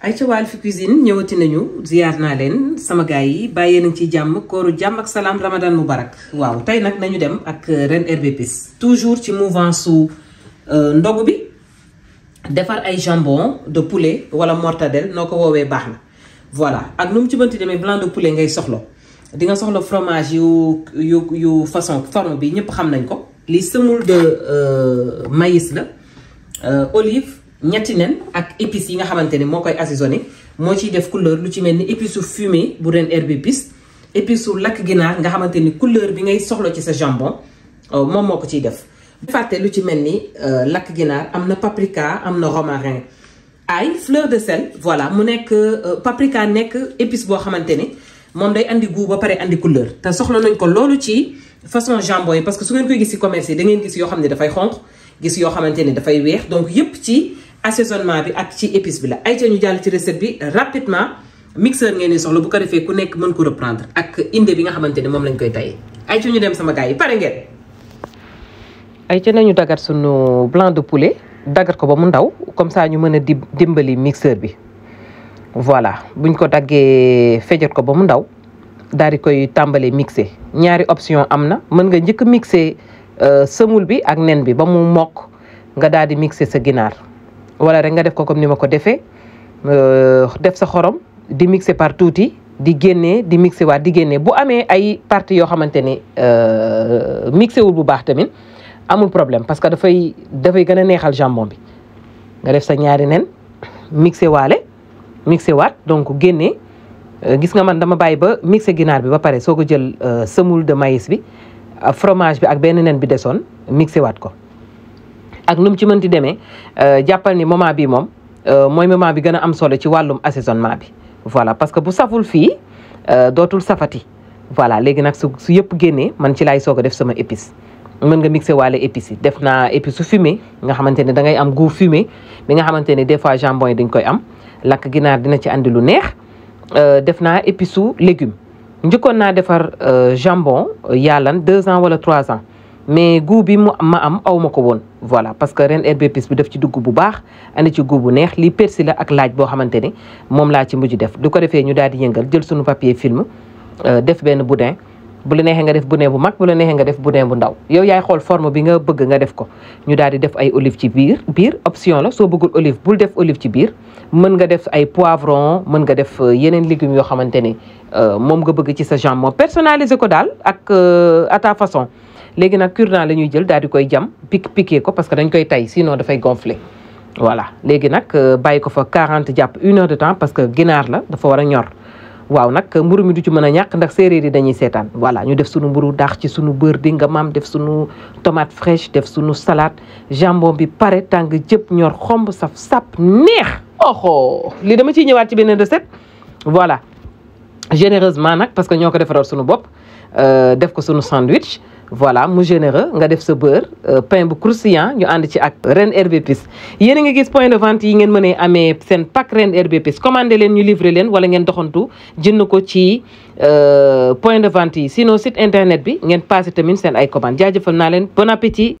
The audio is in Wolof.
ay ca Walf Cuisine ñëwati nañu ziyaar naa leen sama gaay yi bàyyee nañ ci jàmm kooru jàmm ak salaam ramadan mubarak waaw tey nag nañu dem ak Reen Herbes Épices toujours ci mouvement su euh, ndogu bi defar ay jambon de poulet wala mortadelle noo ko woowee baax na voilà ak nu mu ci mënti demee blanc de poulet ngay soxla di nga soxla fromage yu yu yu façon forme bi ñëpp xam nañ ko li semoule de euh, maïs la euh, olive ñetti nen ak épices yi nga xamante ne moo koy assaisonné moo ciy def couleur lu ci mel ni épice su fumée bu ren herbe épice épice su lakk ginaar nga xamante ni couleur bi ngay soxla ci sa jambon euh, moom moo ko ciy def. bu lu ci mel ni lakk ginaar am na paprika am na romarin ay fleur de sel voilà mu nekk paprika nekk épice boo xamante ni moom day indi goût ba pare andi couleur te soxla nañ ko loolu ci. façon jambon yi parce que su ngeen koy gis ci commerce yi da ngeen gis yoo xam ne dafay xonq gis yoo xamante dafay weex donc yépp ci assaisonnement bi ak ci épice bi la ay ca ñu jàll ci recette bi rapidement mixeur ngeen di soxla bu ko defee ku nekk mën ko reprendre ak inde bi nga xamante ne moom lañ koy tayee ay ca ñu dem sama gars yi pare ngeen ay ca nañu dagat sunu blanc de poulet dagat ko ba mu ndaw comme ça ñu mën a dimbali mixeur bi voilà buñ ko daggee fejat ko ba mu ndaw daal di koy tàmbalee mixé ñaari option am na mën nga njëkk mixé euh, sëmul bi ak nen bi ba mu mokk nga daal di mixé sa ginaar wala rek nga def ko comme ni ma ko defee euh, def sa xorom di mixé par tuuti di génnee di mixé waat di génnee bu amee ay partie yoo xamante ni euh, mixé wul bu baax tamit amul problème parce que dafay dafay gën a neexal jambon bi nga def sa ñaari nen mixé waale mixé waat donc génnee gis nga man dama bàyyi ba mixé ginaar bi ba pare soo ko jël euh, semoule de maïs bi euh, fromage bi ak benn nen bi desoon mixé waat ko ak nu mu ci mënti demee euh, jàppal ni moment bi moom mooy moment bi gën a am solo ci wàllum assaisonnement bi voilà parce que bu saful fii dootul safati voilà léegi nag su yëpp génnee man ci laay soog def sama épice mën nga mixé waale épices def naa épice su nga xamante ne da ngay am goût fumé bi nga xamante ne des fois jambon yi dañ koy am lakk ginaar dina ci andi lu neex Euh, def naa épices su légumes njëkkoon naa defar euh, jambon euh, yaalan deux ans wala trois ans mais goût bi mu ma am awma ko woon voilà parce que ren herbe épice bi daf ci dugg bu baax andi ci goût bu neex li persil la ak laaj boo xamante ni moom laa ci mujj def du ko defee ñu daal di yëngal jël suñu papier film def benn boudin bu la neexee nga def boudin bu mag bu la neexee nga def boudin bu ndaw yow yaay xool forme bi nga bëgg nga def ko ñu daal di def ay olive ci biir biir option la soo bëggul olive bul def olive ci biir mën nga def ay poivron mën nga def euh, yeneen légumes yoo xamante ni euh, moom nga bëgg ci sa jambon personnaliser ko daal ak euh, à ta façon léegi nag cure-dent la ñuy jël daal di koy jam pique piqué ko parce que dañ koy tay sinon dafay gonfler voilà léegi nag bàyyi ko fa 40 jàpp une de temps parce que ginaar la dafa war a ñor waaw nag mburu mi du ci mën a ñàkk ndax séeréer yi dañuy seetaan voilà ñu def sunu mburu daax ci sunu beurre di nga maam def sunu tomate fraîche def sunu salade jambon bi pare tàng jëpp ñor xomb saf sap neex oxo li dama ciy ñëwaat ci beneen recette voilà généreusement nag parce que ñoo ko defaral sunu bopp Euh, def ko sunu sandwich voilà mu généreux nga def sa beurre euh, pain bu croustillant ñu ànd ci ak Reen Herbes Épices yéen a ngi gis point de vente yi ngeen mën a amee seen pack Reen Herbes Épices commandé leen ñu livré leen wala ngeen doxantu jënd ko ci euh, point de vente yi sinon site internet bi ngeen passé tamit seen ay commande jaajëfal naa leen bon appétit